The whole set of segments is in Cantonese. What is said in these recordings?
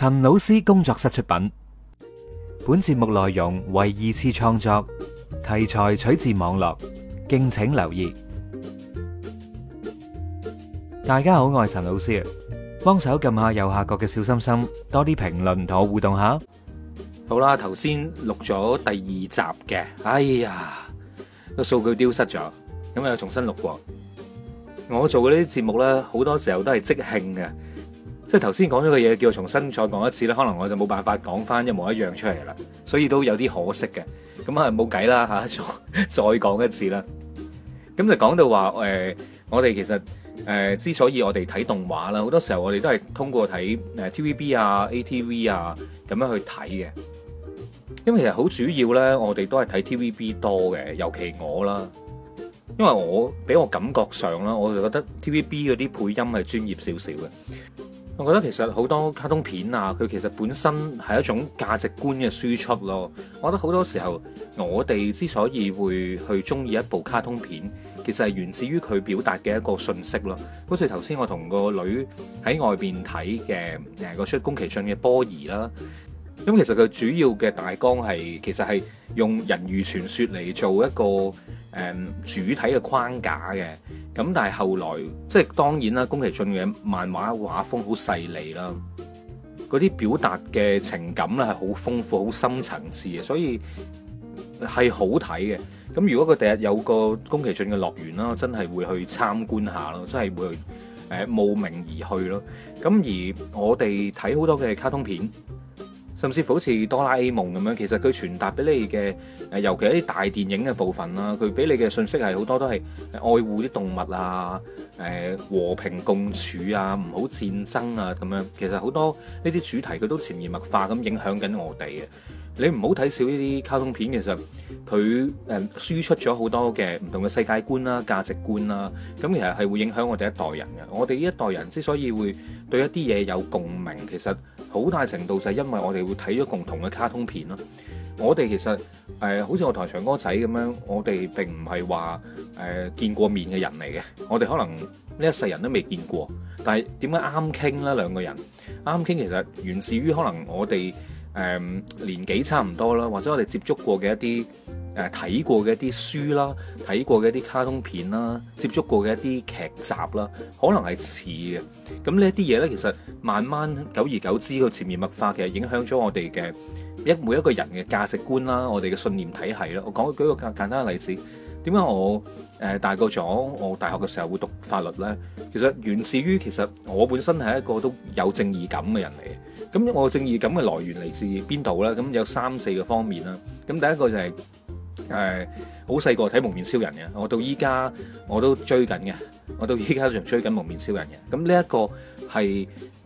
陳老師工作室出品，本節目內容為二次創作，題材取自網絡，敬請留意。大家好，我係陳老師，幫手撳下右下角嘅小心心，多啲評論同我互動下。好啦，頭先錄咗第二集嘅，哎呀，個數據丟失咗，咁又重新錄過。我做嗰啲節目呢，好多時候都係即興嘅。即係頭先講咗個嘢，叫我重新再講一次啦。可能我就冇辦法講翻一模一樣出嚟啦，所以都有啲可惜嘅。咁啊，冇計啦吓，再再講一次啦。咁就講到話誒、呃，我哋其實誒、呃、之所以我哋睇動畫啦，好多時候我哋都係通過睇誒 T V B 啊 A T V 啊咁樣去睇嘅。因為其實好主要咧，我哋都係睇 T V B 多嘅，尤其我啦，因為我俾我感覺上啦，我就覺得 T V B 嗰啲配音係專業少少嘅。我覺得其實好多卡通片啊，佢其實本身係一種價值觀嘅輸出咯。我覺得好多時候，我哋之所以會去鍾意一部卡通片，其實係源自於佢表達嘅一個訊息咯。好似頭先我同個女喺外邊睇嘅誒出宮崎駿嘅波兒啦。咁其實佢主要嘅大綱係其實係用人魚傳說嚟做一個、嗯、主體嘅框架嘅。咁但係後來即係當然啦，宮崎駿嘅漫畫畫風好細膩啦，嗰啲表達嘅情感咧係好豐富、好深層次嘅，所以係好睇嘅。咁如果佢第日有一個宮崎駿嘅樂園啦，真係會去參觀下咯，真係會誒慕名而去咯。咁而我哋睇好多嘅卡通片。甚至好似多啦 A 夢咁樣，其實佢傳達俾你嘅誒，尤其係一啲大電影嘅部分啦，佢俾你嘅信息係好多都係愛護啲動物啊，誒和平共處啊，唔好戰爭啊咁樣。其實好多呢啲主題佢都潛移默化咁影響緊我哋嘅。你唔好睇少呢啲卡通片，其實，佢誒輸出咗好多嘅唔同嘅世界觀啦、價值觀啦。咁其實係會影響我哋一代人嘅。我哋呢一代人之所以會對一啲嘢有共鳴，其實好大程度就係因為我哋會睇咗共同嘅卡通片咯。我哋其實，好似我同祥哥仔咁樣，我哋並唔係話誒見過面嘅人嚟嘅。我哋可能呢一世人都未見過，但係點解啱傾啦？兩個人？啱傾，其實源自於可能我哋。誒年紀差唔多啦，或者我哋接觸過嘅一啲誒睇過嘅一啲書啦，睇過嘅一啲卡通片啦，接觸過嘅一啲劇集啦，可能係似嘅。咁呢一啲嘢呢，其實慢慢久而久之，佢潛移默化，其實影響咗我哋嘅一每一個人嘅價值觀啦，我哋嘅信念體系啦。我講舉個簡單嘅例子，點解我誒大個咗，我大學嘅時候會讀法律呢？其實源自於其實我本身係一個都有正義感嘅人嚟。咁我正義感嘅來源嚟自邊度咧？咁有三四個方面啦。咁第一個就係誒好細個睇呃、《蒙面超人》嘅，我到依家我都追緊嘅，我到依家仲追緊《蒙面超人》嘅。咁呢一個係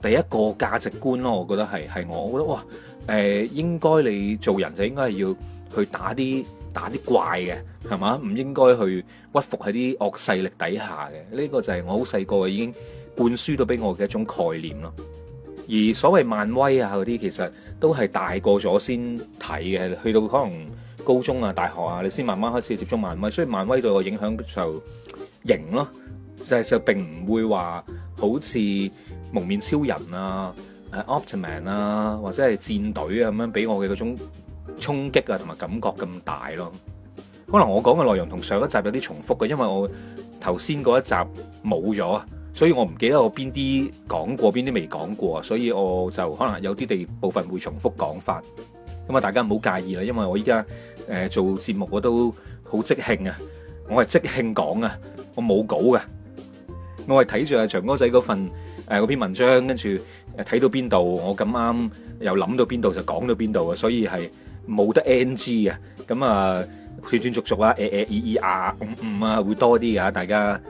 第一個價值觀咯，我覺得係係我，我覺得哇、呃、應該你做人就應該係要去打啲打啲怪嘅係嘛，唔應該去屈服喺啲惡勢力底下嘅。呢個就係我好細個已經灌輸到俾我嘅一種概念咯。而所謂漫威啊嗰啲，其實都係大個咗先睇嘅，去到可能高中啊、大學啊，你先慢慢開始接觸漫威。所以漫威對我影響就型咯，就係、就並唔會話好似蒙面超人啊、誒、啊、Optiman 啊，或者係戰隊啊咁樣俾我嘅嗰種衝擊啊同埋感覺咁大咯。可能我講嘅內容同上一集有啲重複嘅，因為我頭先嗰一集冇咗。所以我唔記得我邊啲講過，邊啲未講過，所以我就可能有啲地部分會重複講法，咁啊大家唔好介意啦，因為我依家誒做節目我都好即興啊，我係即興講啊，我冇稿嘅，我係睇住阿祥哥仔嗰份誒嗰篇文章，跟住誒睇到邊度，我咁啱又諗到邊度就講到邊度啊，所以係冇得 NG 啊短短短短短、哎哎哎、啊，咁啊斷斷續續啦，誒誒咦咦 R 咁啊會多啲啊，大家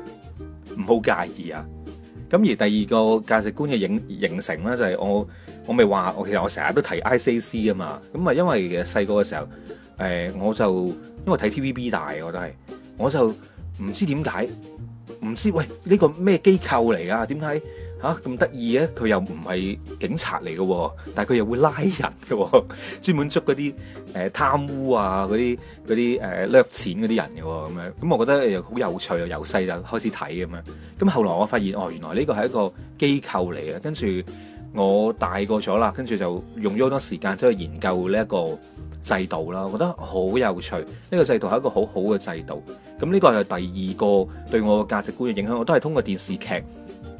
唔好介意啊。咁而第二個價值觀嘅形形成咧，就係我我咪話我其實我成日都提 ICC 啊嘛。咁啊，因為細個嘅時候，誒我就因為睇 TVB 大，我都係我就唔知點解，唔知喂呢個咩機構嚟㗎？點解？啊咁得意嘅，佢又唔係警察嚟嘅，但係佢又會拉人嘅，專門捉嗰啲誒貪污啊嗰啲啲誒掠錢嗰啲人嘅咁樣，咁我覺得又好有趣，由細就開始睇咁樣，咁後來我發現哦，原來呢個係一個機構嚟嘅，跟住我大個咗啦，跟住就用咗好多時間即去研究呢一個制度啦，我覺得好有趣，呢個制度係一個好好嘅制度，咁呢個係第二個對我個價值觀嘅影響，我都係通過電視劇。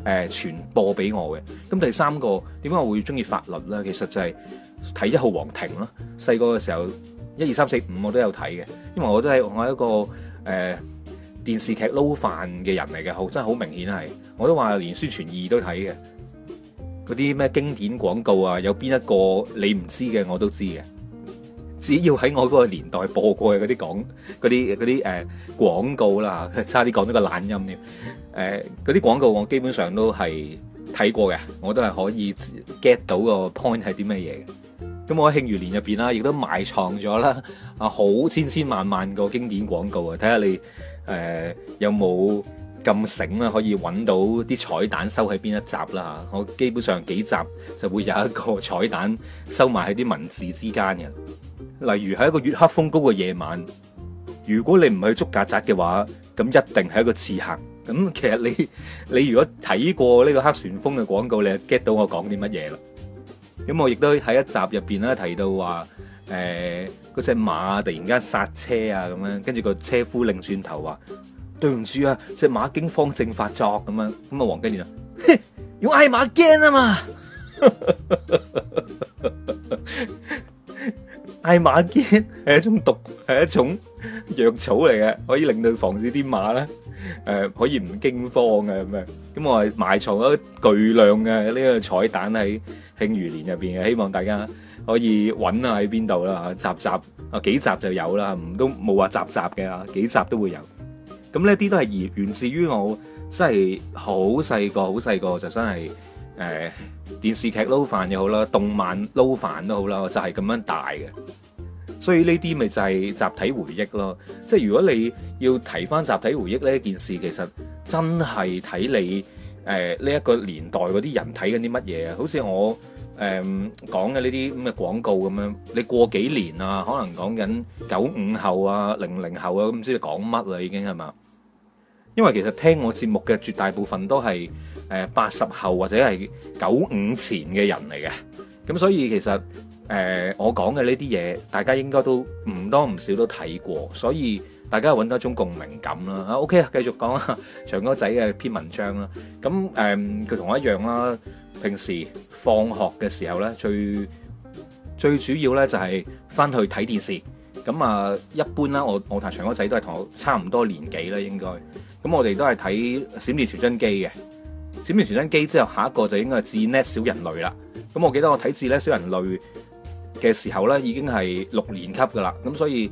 誒傳播俾我嘅，咁第三個點解我會中意法律呢？其實就係睇《一號皇庭》咯，細個嘅時候一二三四五我都有睇嘅，因為我都係我係一個誒、呃、電視劇撈飯嘅人嚟嘅，好真係好明顯係，我都話連宣傳二都睇嘅，嗰啲咩經典廣告啊，有邊一個你唔知嘅我都知嘅。只要喺我嗰個年代播過嘅嗰啲廣啲啲誒廣告啦，差啲講咗個懶音添誒嗰啲廣告，我基本上都係睇過嘅，我都係可以 get 到個 point 係啲咩嘢。咁我喺《慶餘年啊》入面啦，亦都埋藏咗啦啊，好千千萬萬個經典廣告啊！睇下你誒、呃、有冇咁醒啦，可以揾到啲彩蛋收喺邊一集啦嚇？我基本上幾集就會有一個彩蛋收埋喺啲文字之間嘅。例如喺一個月黑風高嘅夜晚，如果你唔去捉曱甴嘅話，咁一定係一個刺客。咁其實你你如果睇過呢個黑旋風嘅廣告，你就 get 到我講啲乜嘢啦。咁我亦都喺一集入邊啦，提到話誒嗰隻馬突然間剎車啊，咁樣跟住個車夫擰轉頭話：對唔住啊，隻馬驚慌症發作咁樣。咁啊黃金鍊啊， 用艾瑪驚啊嘛！ 艾馬堅係一種毒，係一種藥草嚟嘅，可以令到防止啲馬咧，誒可以唔驚慌嘅咁樣。咁我係埋藏咗巨量嘅呢個彩蛋喺慶餘年入邊嘅，希望大家可以揾下喺邊度啦嚇，集集啊幾集就有啦，唔都冇話集集嘅，幾集都會有。咁呢一啲都係源源自於我真係好細個，好細個就真係。誒電視劇撈飯又好啦，動漫撈飯都好啦，就係咁樣大嘅，所以呢啲咪就係集體回憶咯。即係如果你要提翻集體回憶呢一件事，其實真係睇你誒呢一個年代嗰啲人睇緊啲乜嘢啊。好似我誒講嘅呢啲咁嘅廣告咁樣，你過幾年啊，可能講緊九五後啊、零零後啊，唔知你講乜啦已經係嘛？因為其實聽我節目嘅絕大部分都係誒八十後或者係九五前嘅人嚟嘅，咁所以其實誒、呃、我講嘅呢啲嘢，大家應該都唔多唔少都睇過，所以大家揾到一種共鳴感啦。OK 啊，繼、OK, 續講啊，祥哥仔嘅篇文章啦。咁誒，佢、呃、同我一樣啦。平時放學嘅時候呢，最最主要呢就係翻去睇電視。咁啊，一般啦，我我同祥哥仔都係同我差唔多年紀啦，應該。咁我哋都係睇閃電傳真機嘅，閃電傳真機之後，下一個就應該係至 NET 小人類啦。咁我記得我睇至 NET 小人類嘅時候咧，已經係六年級噶啦。咁所以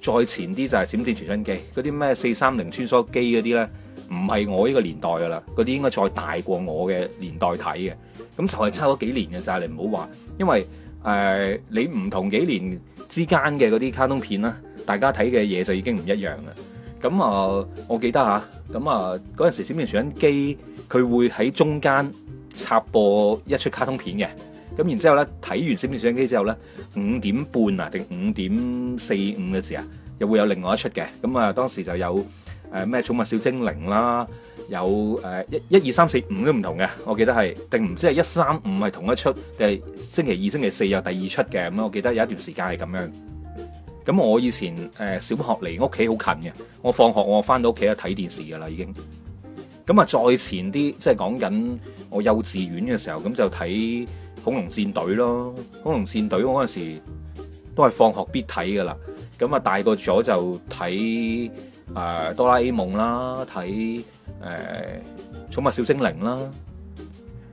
再前啲就係閃電傳真機嗰啲咩四三零穿梭機嗰啲咧，唔係我呢個年代噶啦，嗰啲應該再大過我嘅年代睇嘅。咁就係差咗幾年嘅咋，你唔好話，因為誒、呃、你唔同幾年之間嘅嗰啲卡通片啦，大家睇嘅嘢就已經唔一樣啦。咁啊，我記得嚇，咁啊嗰陣時閃電傳真機佢會喺中間插播一出卡通片嘅，咁然之後呢，睇完閃電傳真機之後呢，五點半啊定五點四五嘅時啊，又會有另外一出嘅，咁啊當時就有誒咩寵物小精靈啦，有誒一一二三四五都唔同嘅，我記得係定唔知係一三五係同一出，定係星期二、星期四又第二出嘅，咁我記得有一段時間係咁樣。咁我以前小學離屋企好近嘅，我放學我翻到屋企就睇電視㗎啦已經。咁啊再前啲，即係講緊我幼稚園嘅時候，咁就睇《恐龍戰隊》咯，《恐龍戰隊》嗰陣時都係放學必睇㗎啦。咁啊大個咗就睇誒呃、《哆啦 A 夢》啦，睇、呃、誒《寵物小精靈》啦。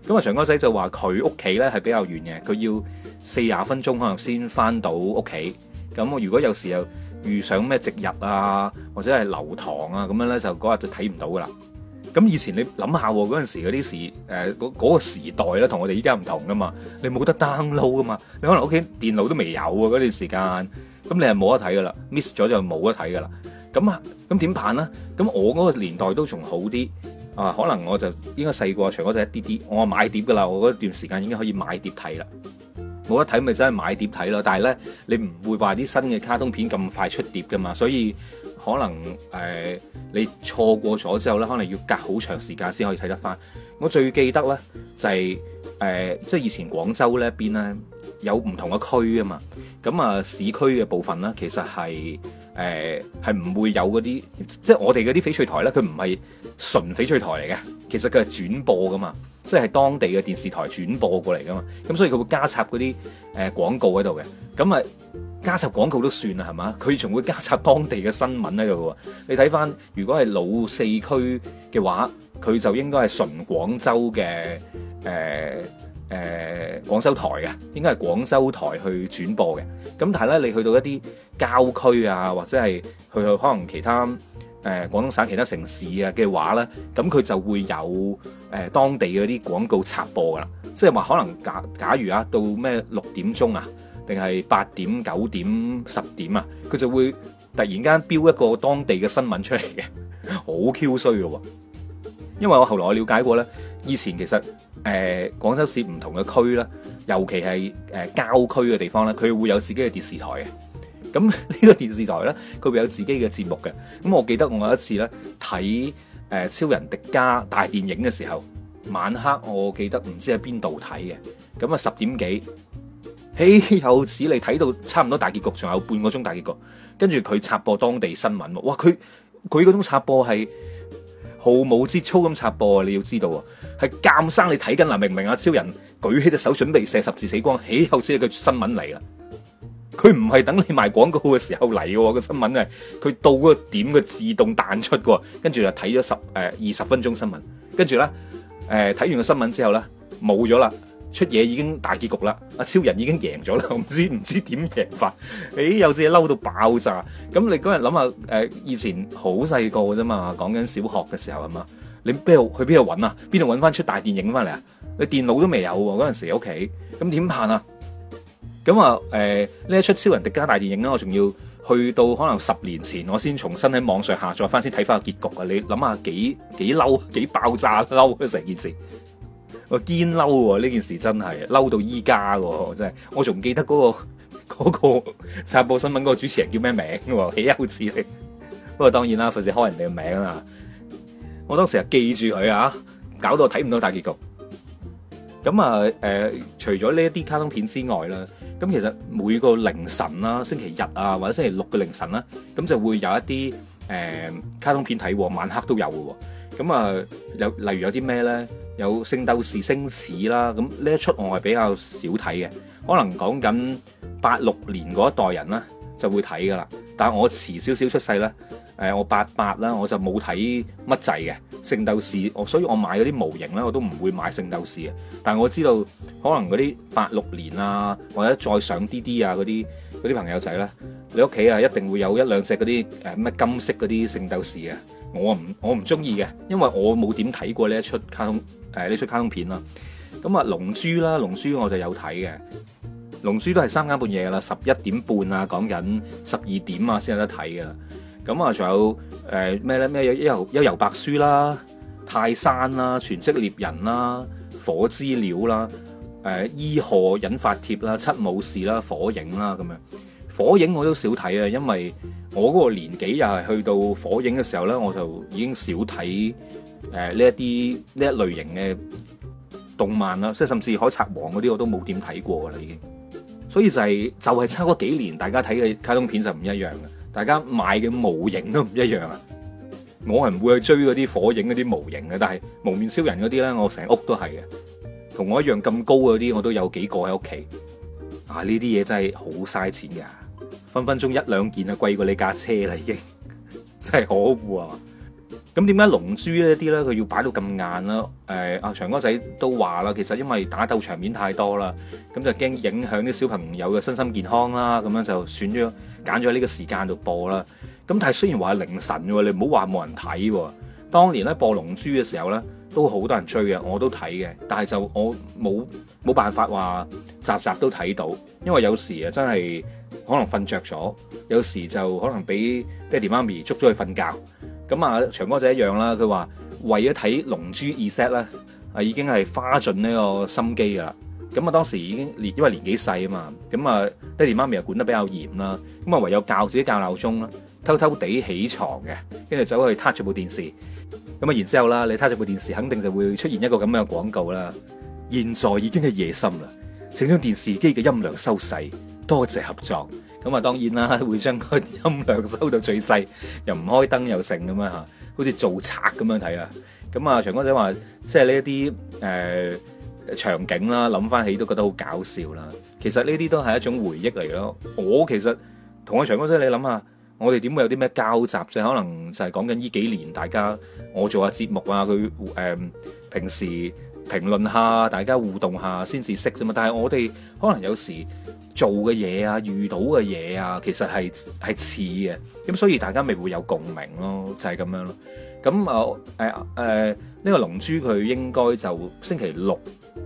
咁啊祥哥仔就話佢屋企咧係比較遠嘅，佢要四十分鐘可能先翻到屋企。咁我如果有時候遇上咩值日啊，或者係留堂啊咁樣咧，就嗰日就睇唔到噶啦。咁以前你諗下嗰陣時嗰啲時嗰嗰、嗰個、時代咧，同我哋依家唔同噶嘛。你冇得 download 噶嘛，你可能屋企電腦都未有嗰段時間，咁你係冇得睇噶啦，miss 咗就冇得睇噶啦。咁啊，咁點辦咧？咁我嗰個年代都仲好啲啊，可能我就應該細過除嗰陣一啲啲，我買碟噶啦，我嗰段時間已經可以買碟睇啦。冇得睇咪真係買碟睇咯，但係咧你唔會話啲新嘅卡通片咁快出碟噶嘛，所以可能誒、呃、你錯過咗之後咧，可能要隔好長時間先可以睇得翻。我最記得咧就係、誒呃、即係以前廣州呢一邊咧有唔同嘅區啊嘛，咁啊市區嘅部分咧其實係誒係唔會有嗰啲，即係我哋嗰啲翡翠台咧，佢唔係純翡翠台嚟嘅。其實佢係轉播噶嘛，即係當地嘅電視台轉播過嚟噶嘛，咁所以佢會加插嗰啲誒廣告喺度嘅，咁啊加插廣告都算啦，係嘛？佢仲會加插當地嘅新聞喺度喎。你睇翻，如果係老四區嘅話，佢就應該係純廣州嘅誒誒廣州台嘅，應該係廣州台去轉播嘅。咁但係呢，你去到一啲郊區啊，或者係去到可能其他。誒廣東省其他城市啊嘅話呢咁佢就會有誒當地嗰啲廣告插播噶啦，即係話可能假假如啊，到咩六點鐘啊，定係八點、九點、十點啊，佢就會突然間標一個當地嘅新聞出嚟嘅，好 Q 衰嘅喎。因為我後來我了解過呢，以前其實誒、呃、廣州市唔同嘅區啦，尤其係誒郊區嘅地方呢，佢會有自己嘅電視台嘅。咁呢個電視台呢，佢會有自己嘅節目嘅。咁我記得我有一次呢睇誒、呃、《超人迪迦》大電影嘅時候，晚黑我記得唔知喺邊度睇嘅，咁啊十點幾，豈有此理，你睇到差唔多大結局，仲有半個鐘大結局，跟住佢插播當地新聞，哇！佢佢嗰種插播係毫無節操咁插播，你要知道啊，係監生你睇緊明唔明啊？超人舉起隻手準備射十字死光，豈有此理，佢嘅新聞嚟啦。佢唔係等你賣廣告嘅時候嚟嘅，個新聞係，佢到個點佢自動彈出，跟住就睇咗十誒二十分鐘新聞，跟住咧誒睇完個新聞之後咧冇咗啦，出嘢已經大結局啦，阿超人已經贏咗啦，我唔知唔知點贏法，誒、哎、有陣嘢嬲到爆炸，咁你嗰日諗下誒以前好細個嘅啫嘛，講緊小學嘅時候係嘛，你邊度去邊度搵啊？邊度搵翻出大電影翻嚟啊？你電腦都未有嗰陣時喺屋企，咁點辦啊？咁啊，誒呢一出超人迪加大電影啦，我仲要去到可能十年前，我先重新喺網上下載翻先睇翻個結局啊！你諗下幾幾嬲，幾爆炸嬲成件事，我堅嬲喎！呢件事真係嬲到依家喎，真係我仲記得嗰個嗰個插播新聞嗰個主持人叫咩名嘅喎，幾幼稚你 不過當然啦，費事開人哋嘅名啦。我當時係記住佢啊，搞到睇唔到大結局。咁啊、呃，除咗呢一啲卡通片之外咧。咁其實每個凌晨啦、星期日啊或者星期六嘅凌晨啦，咁就會有一啲誒、呃、卡通片睇喎，晚黑都有嘅喎。咁啊，有、呃、例如有啲咩呢？有聖鬥《聖鬥士星矢》啦，咁呢一出我係比較少睇嘅，可能講緊八六年嗰一代人啦就會睇㗎啦，但我遲少少出世呢。誒我八八啦，我就冇睇乜滯嘅聖鬥士，我所以我買嗰啲模型咧，我都唔會買聖鬥士。但我知道可能嗰啲八六年啊，或者再上啲啲啊嗰啲嗰啲朋友仔咧，你屋企啊一定會有一兩隻嗰啲誒咩金色嗰啲聖鬥士嘅。我唔我唔中意嘅，因為我冇點睇過呢一出卡通誒呢出卡通片啦。咁啊，龍珠啦，龍珠我就有睇嘅，龍珠都係三更半夜噶啦，十一點半啊，講緊十二點啊先有得睇噶。咁啊，仲有誒咩咧？咩幽遊幽遊白書啦，泰山啦，全職獵人啦，火之鳥啦，誒伊賀引發帖啦，七武士啦，火影啦咁樣。火影我都少睇啊，因為我個年紀又係去到火影嘅時候咧，我就已經少睇誒呢一啲呢一類型嘅動漫啦，即係甚至海賊王嗰啲我都冇點睇過啦已經，所以就係就係差嗰幾年，大家睇嘅卡通片就唔一樣嘅。大家買嘅模型都唔一樣啊！我係唔會去追嗰啲火影嗰啲模型嘅，但係蒙面超人嗰啲咧，我成屋都係嘅。同我一樣咁高嗰啲，我都有幾個喺屋企。啊！呢啲嘢真係好嘥錢噶，分分鐘一兩件啊，貴過你架車啦已經，真係可惡啊！咁點解《龍珠》呢啲呢？佢要擺到咁晏啦？誒、呃、阿祥哥仔都話啦，其實因為打鬥場面太多啦，咁就驚影響啲小朋友嘅身心健康啦，咁樣就選咗揀咗呢個時間度播啦。咁但係雖然話凌晨喎，你唔好話冇人睇喎。當年呢播《龍珠》嘅時候呢，都好多人追嘅，我都睇嘅。但係就我冇冇辦法話集集都睇到，因為有時啊真係可能瞓着咗，有時就可能俾爹哋媽咪捉咗去瞓覺。咁啊，祥哥仔一樣啦，佢話為咗睇《龍珠 Z》啊，二 set 咧，啊已經係花盡呢個心機噶啦。咁啊，當時已經年，因為年紀細啊嘛，咁啊，爹哋媽咪又管得比較嚴啦。咁啊，唯有教自己教鬧鐘啦，偷偷地起床嘅，跟住走去 touch 部電視。咁啊，然之後啦，你 touch 部電視，肯定就會出現一個咁樣嘅廣告啦。現在已經係夜深啦，請將電視機嘅音量收細，多謝合作。咁啊，當然啦，會將個音量收到最細，又唔開燈又成咁樣嚇，好似做賊咁樣睇啊！咁啊，祥哥仔話，即係呢一啲誒場景啦，諗翻起都覺得好搞笑啦。其實呢啲都係一種回憶嚟咯。我其實同阿祥哥仔，你諗下，我哋點會有啲咩交集啫？可能就係講緊呢幾年，大家我做下節目啊，佢誒、呃、平時評論下，大家互動下先至識啫嘛。但係我哋可能有時，做嘅嘢啊，遇到嘅嘢啊，其實係係似嘅，咁所以大家咪會有共鳴咯，就係咁樣咯。咁啊，誒誒，呢個龍珠佢應該就星期六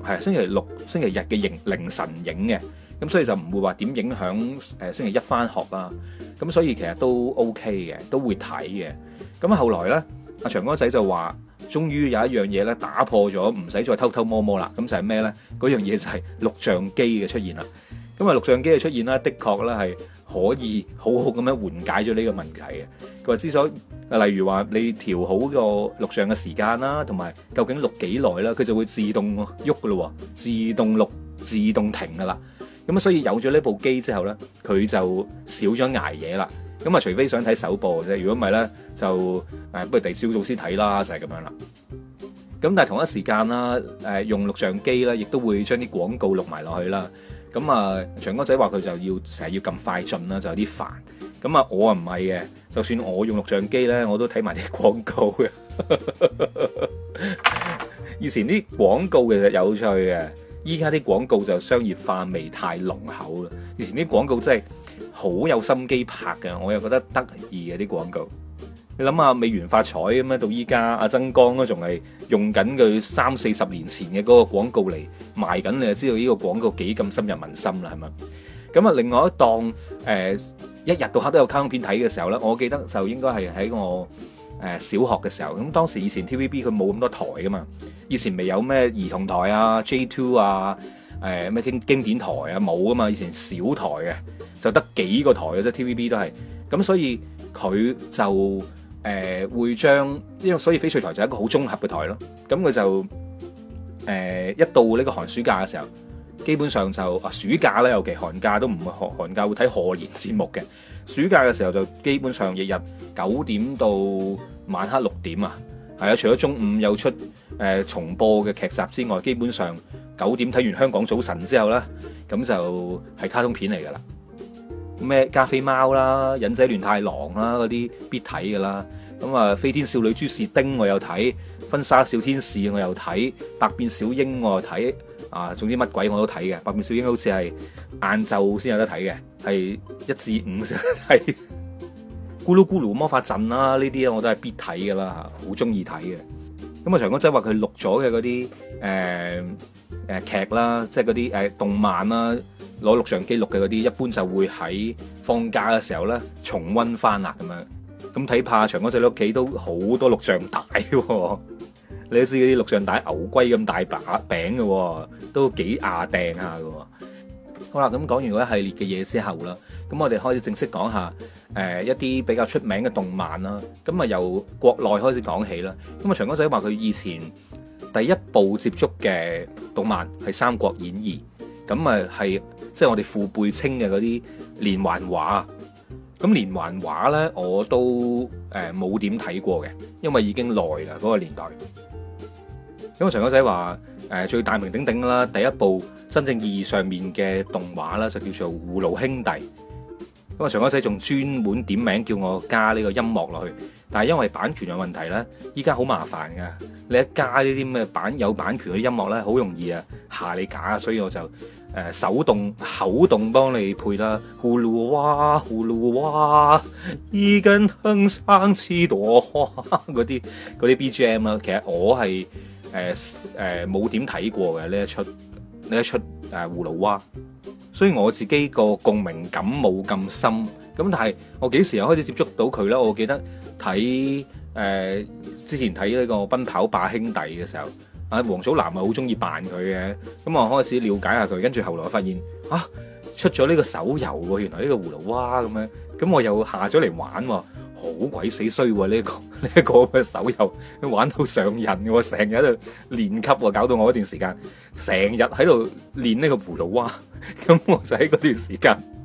係星期六星期日嘅凌晨影嘅，咁所以就唔會話點影響星期一翻學啦。咁所以其實都 O K 嘅，都會睇嘅。咁後來呢，阿祥哥仔就話，終於有一樣嘢呢打破咗唔使再偷偷摸摸啦。咁就係咩呢？嗰樣嘢就係錄像機嘅出現啦。因為，錄像機嘅出現啦，的確咧係可以好好咁樣緩解咗呢個問題嘅。佢話之所以，例如話你調好個錄像嘅時間啦，同埋究竟錄幾耐啦，佢就會自動喐㗎咯，自動錄、自動停㗎啦。咁所以有咗呢部機之後咧，佢就少咗捱嘢啦。咁啊，除非想睇首播啫，如果唔係咧，就不如第二朝早先睇啦，就係、是、咁樣啦。咁但係同一時間啦，用錄像機呢，亦都會將啲廣告錄埋落去啦。咁啊，祥哥仔話佢就要成日要咁快進啦，就有啲煩。咁啊，我又唔係嘅，就算我用錄像機咧，我都睇埋啲廣告。 以前啲廣告其實有趣嘅，依家啲廣告就商業化味太濃厚啦。以前啲廣告真係好有心機拍嘅，我又覺得得意嘅啲廣告。你諗下美源髮彩，咁到依家阿曾江都仲係用緊佢三四十年前嘅嗰個廣告嚟賣緊，你就知道呢個廣告幾咁深入民心啦，係咪？咁啊，另外一檔誒、呃，一日到黑都有卡通片睇嘅時候咧，我記得就應該係喺我誒、呃、小學嘅時候。咁當時以前 T V B 佢冇咁多台噶嘛，以前未有咩兒童台啊、J Two 啊、誒、呃、咩經典台啊冇㗎嘛，以前小台嘅，就得幾個台嘅啫，T V B 都係。咁所以佢就，誒會將，因為所以翡翠台就係一個好綜合嘅台咯。咁佢就誒、呃、一到呢個寒暑假嘅時候，基本上就啊暑假咧，尤其寒假都唔會寒，寒假會睇賀年節目嘅。暑假嘅時候就基本上日日九點到晚黑六點啊，係啊，除咗中午有出誒重播嘅劇集之外，基本上九點睇完香港早晨之後咧，咁就係卡通片嚟㗎啦。咩加菲貓啦、忍者亂太郎啦，嗰啲必睇噶啦，咁啊，飛天少女豬事丁我又睇，婚紗小天使我又睇，百變小櫻我又睇，啊，總之乜鬼我都睇嘅，百變小櫻好似係晏晝先有得睇嘅，係一至五先睇。 咕嚕咕嚕魔法陣啦，呢啲我都係必睇噶啦，好中意睇嘅。咁啊，長江仔話佢錄咗嘅嗰啲誒，呃誒，劇啦，即係嗰啲誒，動漫啦，攞錄像機錄嘅嗰啲，一般就會喺放假嘅時候咧，重溫翻啦，咁樣。咁睇怕祥哥仔屋企都好多錄像帶，哦，你都知嗰啲錄像帶牛龜咁大把柄嘅，哦，都幾牙掟下嘅。好啦，咁講完一系列嘅嘢之後啦，咁我哋開始正式講下誒一啲比較出名嘅動漫啦。咁啊，由國內開始講起啦。咁啊，祥哥仔話佢以前。第一部接觸嘅動漫係《三國演義》，咁啊係即係我哋父輩稱嘅嗰啲連環畫，咁連環畫咧我都誒冇點睇過嘅，因為已經耐啦嗰個年代。因為祥哥仔話誒，最大名鼎鼎啦，第一部真正意義上面嘅動畫啦，就叫做《葫蘆兄弟》。咁啊，祥哥仔仲專門點名叫我加呢個音樂落去。但係因為版權有問題咧，依家好麻煩㗎。你一加呢啲咩版有版權嘅音樂咧，好容易啊嚇你假啊，所以我就誒手動口動幫你配啦。葫蘆娃，葫蘆娃，一根藤上七朵花嗰啲嗰啲 BGM 啦。GM，其實我係誒誒冇點睇過嘅呢一出，呢一出誒葫蘆娃，所以我自己個共鳴感冇咁深。咁但係我幾時又開始接觸到佢咧？我記得。睇誒、呃、之前睇呢個《奔跑吧兄弟》嘅時候，啊王祖藍咪好中意扮佢嘅，咁、嗯、我開始了解下佢，跟住後來發現、啊、出咗呢個手遊喎、啊，原來呢個葫蘆娃咁樣，咁、嗯、我又下咗嚟玩喎、啊，好鬼死衰喎、啊、呢、呢個呢、呢個手遊玩到上癮嘅喎，成日喺度練級喎、啊，搞到我嗰段時間成日喺度練呢個葫蘆娃，咁、嗯、我就喺嗰段時間。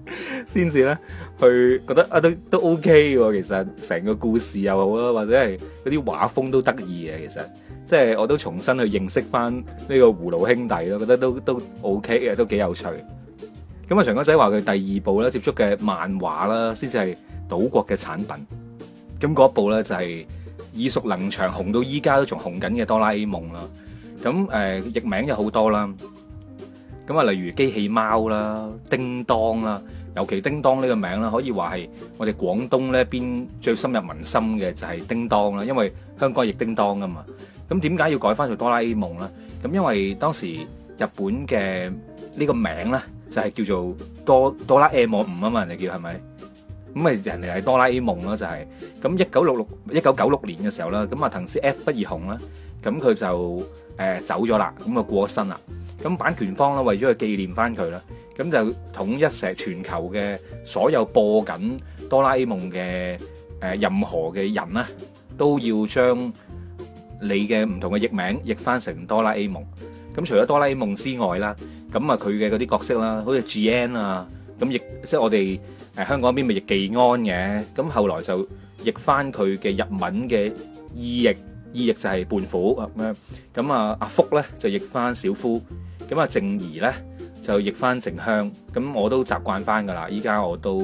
先至咧，去覺得啊都都 O K 喎。其實成個故事又好啦，或者係嗰啲畫風都得意嘅，其實即係我都重新去認識翻呢個葫蘆兄弟咯，覺得都都 O K 嘅，都幾有趣。咁啊，祥哥仔話佢第二部咧接觸嘅漫畫啦，先至係島國嘅產品。咁嗰部咧就係、是、耳熟能詳，紅到依家都仲紅緊嘅哆啦 A 夢啦。咁誒、呃、譯名有好多啦。咁啊，例如機器貓啦、叮當啦。尤其叮當呢個名啦，可以話係我哋廣東呢邊最深入民心嘅就係叮當啦，因為香港亦叮當啊嘛。咁點解要改翻做哆啦 A 夢呢？咁因為當時日本嘅呢個名呢，就係叫做哆哆啦 A 夢五啊嘛，人哋叫係咪？咁咪人哋係哆啦 A 夢啦，就係咁一九六六一九九六年嘅時候啦，咁啊藤子 F 不二雄啦，咁佢就誒走咗啦，咁啊過咗身啦，咁版權方咧為咗去紀念翻佢啦，咁就統一成全球嘅所有播緊哆啦 A 夢嘅誒任何嘅人啦，都要將你嘅唔同嘅譯名譯翻成哆啦 A 夢。咁除咗哆啦 A 夢之外啦，咁啊佢嘅嗰啲角色啦，好似 G N 啊。咁譯即係我哋誒香港邊咪譯技安嘅，咁後來就譯翻佢嘅日文嘅意譯，意譯就係胖虎咁樣。咁啊阿福咧就譯翻小夫，咁啊靜怡咧就譯翻靜香。咁我都習慣翻㗎啦，依家我都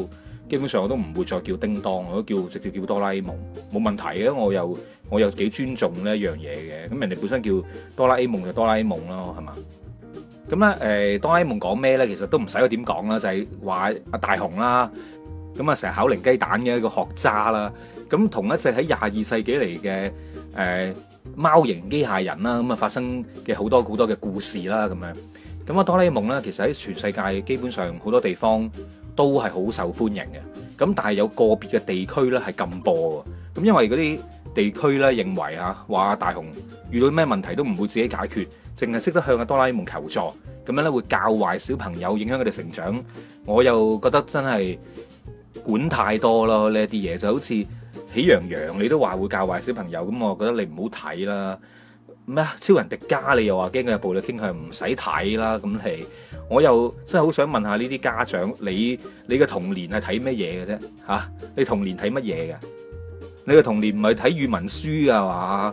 基本上我都唔會再叫叮當，我都叫直接叫哆啦 A 夢冇問題嘅。我又我又幾尊重呢一樣嘢嘅。咁人哋本身叫哆啦 A 夢就哆啦 A 夢咯，係嘛？咁咧，誒、嗯，哆啦 A 夢講咩咧？其實都唔使佢點講啦，就係話阿大雄啦，咁啊成日考零雞蛋嘅一個學渣啦，咁同一隻喺廿二世紀嚟嘅誒貓型機械人啦，咁啊發生嘅好多好多嘅故事啦，咁樣。咁啊哆啦 A 夢咧，其實喺全世界基本上好多地方都係好受歡迎嘅，咁但係有個別嘅地區咧係禁播㗎，咁因為嗰啲地區咧認為啊話大雄遇到咩問題都唔會自己解決。淨係識得向個哆啦 A 夢求助，咁樣咧會教壞小朋友，影響佢哋成長。我又覺得真係管太多咯呢一啲嘢，就好似喜羊羊，你都話會教壞小朋友，咁我覺得你唔好睇啦。咩超人迪迦，你又話驚佢有暴力傾向，唔使睇啦。咁係我又真係好想問下呢啲家長，你你嘅童年係睇咩嘢嘅啫？吓，你童年睇乜嘢嘅？你嘅童年唔係睇語文書㗎嘛？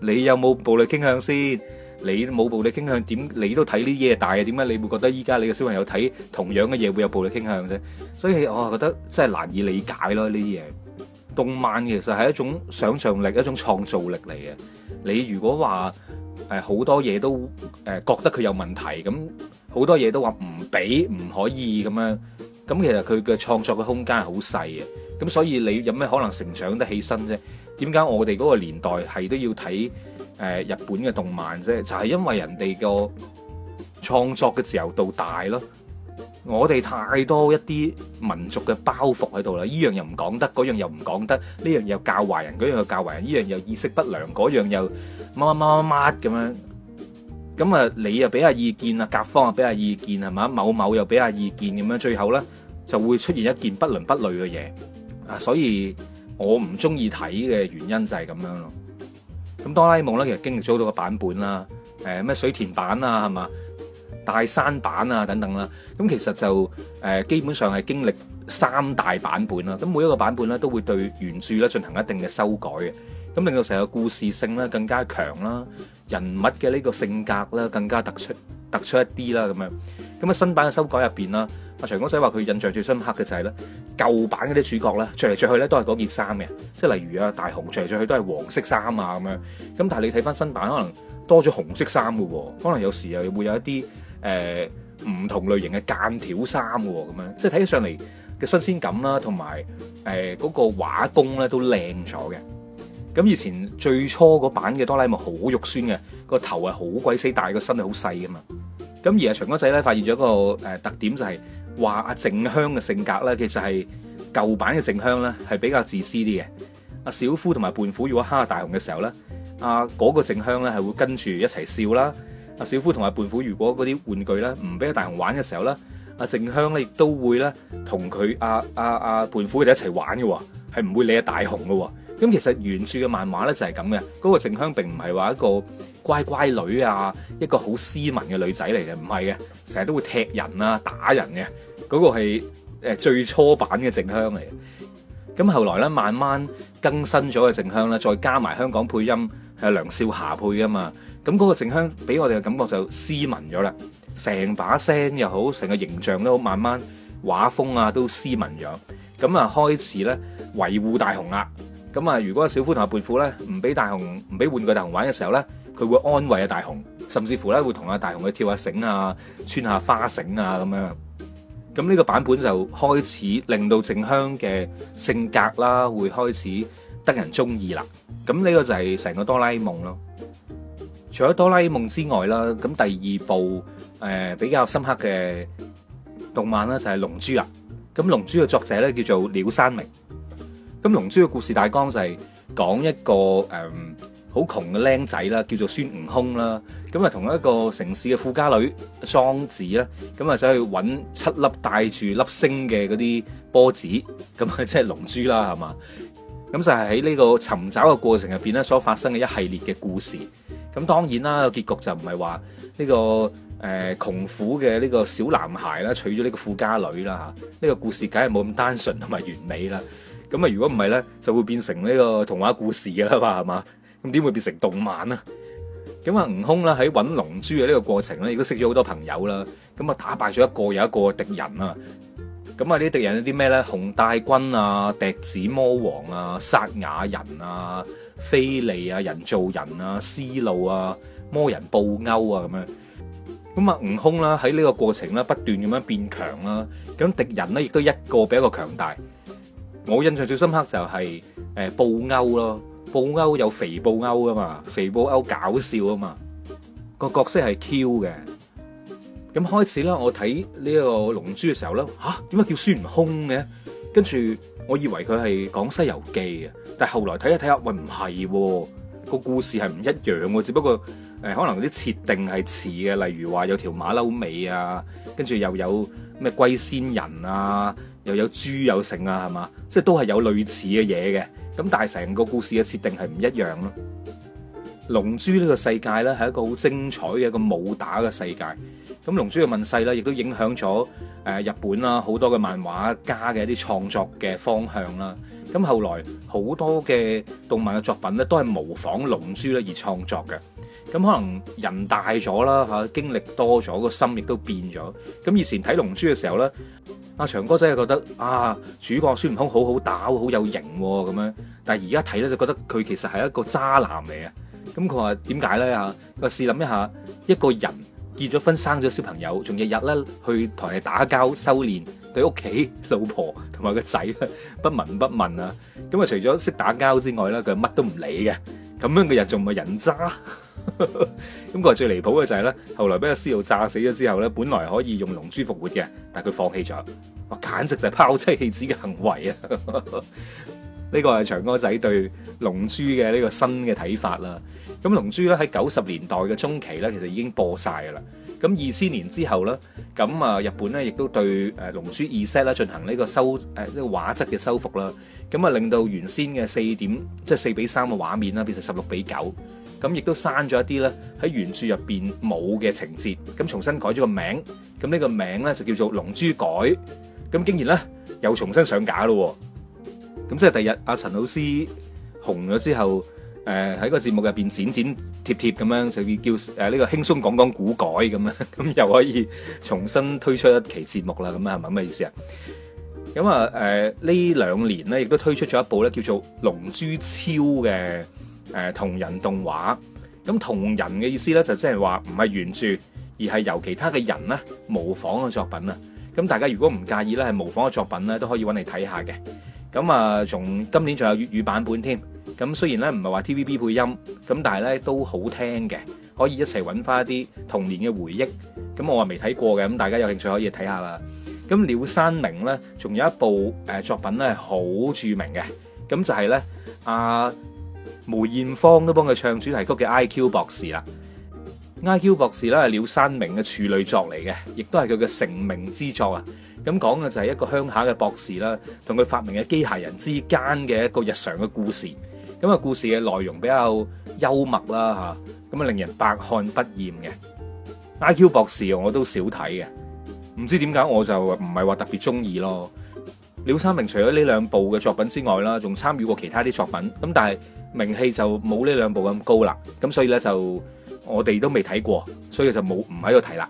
你有冇暴力傾向先？你冇暴力傾向，點你都睇呢啲嘢大啊？點解你會覺得依家你嘅小朋友睇同樣嘅嘢會有暴力傾向啫？所以我覺得真係難以理解咯呢啲嘢。動漫其實係一種想象力、一種創造力嚟嘅。你如果話誒好多嘢都誒覺得佢有問題，咁好多嘢都話唔俾、唔可以咁樣，咁其實佢嘅創作嘅空間係好細嘅。咁所以你有咩可能成長得起身啫？點解我哋嗰個年代係都要睇？誒日本嘅動漫啫，就係因為人哋個創作嘅自由度大咯，我哋太多一啲民族嘅包袱喺度啦，依樣又唔講得，嗰樣又唔講得，呢樣又教壞人，嗰樣又教壞人，呢樣又意識不良，嗰樣又乜乜乜乜咁樣，咁啊你又俾下意見啊，甲方又俾下意見係咪？某某又俾下意見咁樣，最後咧就會出現一件不倫不類嘅嘢啊！所以我唔中意睇嘅原因就係咁樣咯。咁哆啦 A 夢咧，其實經歷咗好多個版本啦，誒咩水田版啦，係嘛，大山版啊等等啦，咁其實就誒基本上係經歷三大版本啦，咁每一個版本咧都會對原著咧進行一定嘅修改嘅。咁令到成個故事性咧更加強啦，人物嘅呢個性格咧更加突出突出一啲啦咁樣。咁啊新版嘅修改入邊啦，阿祥哥仔話佢印象最深刻嘅就係咧舊版嗰啲主角咧着嚟着去咧都係嗰件衫嘅，即係例如啊大雄著嚟着去都係黃色衫啊咁樣。咁但係你睇翻新版，可能多咗紅色衫嘅喎，可能有時又會有一啲誒唔同類型嘅間條衫嘅喎咁樣，即係睇起上嚟嘅新鮮感啦，同埋誒嗰個畫工咧都靚咗嘅。咁以前最初嗰版嘅哆啦 A 夢好肉酸嘅，個頭係好鬼死大，個身係好細噶嘛。咁而阿祥哥仔咧發現咗一個特點，就係，就係話阿靜香嘅性格咧，其實係舊版嘅靜香咧係比較自私啲嘅。阿小夫同埋胖虎如果蝦大雄嘅時候咧，阿、嗰、嗰個靜香咧係會跟住一齊笑啦。阿小夫同埋胖虎如果嗰啲玩具咧唔俾大雄玩嘅時候咧，阿靜香咧亦都會咧同佢阿伴阿胖虎佢哋一齊玩嘅喎，係唔會理大雄嘅喎。咁其實原著嘅漫畫咧就係咁嘅，嗰、那個靜香並唔係話一個乖乖女啊，一個好斯文嘅女仔嚟嘅，唔係嘅，成日都會踢人啊、打人嘅。嗰、那個係最初版嘅靜香嚟嘅。咁後來咧慢慢更新咗嘅靜香呢，再加埋香港配音係梁少霞配㗎嘛。咁、那、嗰個靜香俾我哋嘅感覺就斯文咗啦，成把聲又好，成個形象都好，慢慢畫風啊都斯文咗。咁啊開始咧維護大雄啦。咁啊，如果小夫同阿胖虎咧唔俾大雄唔俾玩具大雄玩嘅時候咧，佢會安慰啊大雄，甚至乎咧會同阿大雄去跳下繩啊，穿下花繩啊咁樣。咁、這、呢個版本就開始令到靜香嘅性格啦，會開始得人中意啦。咁、這、呢個就係成個哆啦 A 夢咯。除咗哆啦 A 夢之外啦，咁第二部誒比較深刻嘅動漫咧就係、是《龍珠》啦。咁《龍珠》嘅作者咧叫做鳥山明。咁《龍珠》嘅故事大綱就係講一個誒好窮嘅僆仔啦，叫做孫悟空啦。咁啊，同一個城市嘅富家女莊子啦，咁啊，想去搵七粒帶住粒星嘅嗰啲波子，咁啊，即係龍珠啦，係嘛？咁就係喺呢個尋找嘅過程入邊咧，所發生嘅一系列嘅故事。咁當然啦，個結局就唔係話呢個誒窮苦嘅呢個小男孩啦，娶咗呢個富家女啦。吓，呢個故事梗係冇咁單純同埋完美啦。咁啊，如果唔係咧，就會變成呢個童話故事噶啦嘛，係嘛？咁點會變成動漫啊？咁啊，悟空啦喺揾龍珠嘅呢個過程咧，亦都識咗好多朋友啦。咁啊，打敗咗一個又一個的敵人，敵人啊！咁啊，呢啲敵人有啲咩咧？紅帶軍啊、笛子魔王啊、薩雅人啊、菲利啊、人造人啊、思路啊、魔人布歐啊，咁樣。咁啊，悟空啦喺呢個過程咧，不斷咁樣變強啦。咁敵人咧，亦都一個比一個強大。我印象最深刻就係誒布歐咯，布歐有肥布歐噶嘛，肥布歐搞笑啊嘛，個角色係 Q 嘅。咁開始咧，我睇呢個《龍珠》嘅時候咧，吓點解叫孫悟空嘅？跟住我以為佢係講西遊記啊，但係後來睇一睇下，喂唔係喎，個故事係唔一樣喎，只不過誒可能啲設定係似嘅，例如話有條馬騮尾啊，跟住又有咩龜仙人啊。又有豬有城啊，係嘛？即係都係有類似嘅嘢嘅。咁但係成個故事嘅設定係唔一樣咯。《龍珠》呢個世界呢，係一個好精彩嘅一個武打嘅世界。咁《龍珠》嘅問世呢，亦都影響咗誒日本啦好多嘅漫畫家嘅一啲創作嘅方向啦。咁後來好多嘅動漫嘅作品呢，都係模仿《龍珠》咧而創作嘅。咁可能人大咗啦，嚇經歷多咗，個心亦都變咗。咁以前睇《龍珠》嘅時候呢。阿祥哥真係覺得啊，主角孫悟空好好打，好有型咁樣。但係而家睇咧就覺得佢其實係一個渣男嚟嘅！咁佢話點解咧嚇？佢話試諗一下，一個人結咗婚、生咗小朋友，仲日日咧去同人打交、修練，對屋企老婆同埋個仔不聞不問啊！咁啊，除咗識打交之外咧，佢乜都唔理嘅。咁樣嘅人仲唔係人渣？咁 個最離譜嘅就係、是、咧，後來俾阿師父炸死咗之後咧，本來可以用龍珠復活嘅，但係佢放棄咗，哇！簡直就係拋妻棄子嘅行為啊！呢個係祥哥仔對《龍珠》嘅呢個新嘅睇法啦。咁《龍珠》咧，喺九十年代嘅中期咧，其實已經播晒噶啦。咁二千年之後咧，咁啊日本咧亦都對誒《龍珠》二 set 咧進行呢個修誒呢個畫質嘅修復啦，咁啊令到原先嘅四點即係四比三嘅畫面啦變成十六比九，咁亦都刪咗一啲咧喺原著入邊冇嘅情節，咁重新改咗個名，咁呢個名咧就叫做《龍珠改》，咁竟然咧又重新上架咯，咁即係第日阿陳老師紅咗之後。誒喺、呃、個節目入邊剪剪貼貼咁樣，就叫誒呢、呃這個輕鬆講講古改咁樣，咁又可以重新推出一期節目啦，咁係咪咁嘅意思啊？咁啊誒呢兩年咧，亦都推出咗一部咧叫做《龍珠超》嘅同、呃、人動畫。咁同人嘅意思咧，就即係話唔係原著，而係由其他嘅人咧模仿嘅作品啊。咁大家如果唔介意咧，係模仿嘅作品咧，都可以搵嚟睇下嘅。咁啊，從、呃、今年仲有粵語版本添。咁雖然咧唔係話 TVB 配音，咁但係咧都好聽嘅，可以一齊揾翻一啲童年嘅回憶。咁我係未睇過嘅，咁大家有興趣可以睇下啦。咁廖山明咧，仲有一部誒作品咧係好著名嘅，咁就係咧阿梅艷芳都幫佢唱主題曲嘅《IQ 博士》啦。《IQ 博士》咧係廖山明嘅處女作嚟嘅，亦都係佢嘅成名之作啊。咁講嘅就係一個鄉下嘅博士啦，同佢發明嘅機械人之間嘅一個日常嘅故事。咁啊，故事嘅內容比較幽默啦嚇，咁啊令人百看不厭嘅。IQ 博士我都少睇嘅，唔知點解我就唔係話特別中意咯。廖三明除咗呢兩部嘅作品之外啦，仲參與過其他啲作品，咁但係名氣就冇呢兩部咁高啦。咁所以咧就我哋都未睇過，所以就冇唔喺度睇啦。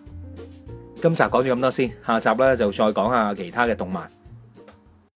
今集講咗咁多先，下集咧就再講下其他嘅動漫。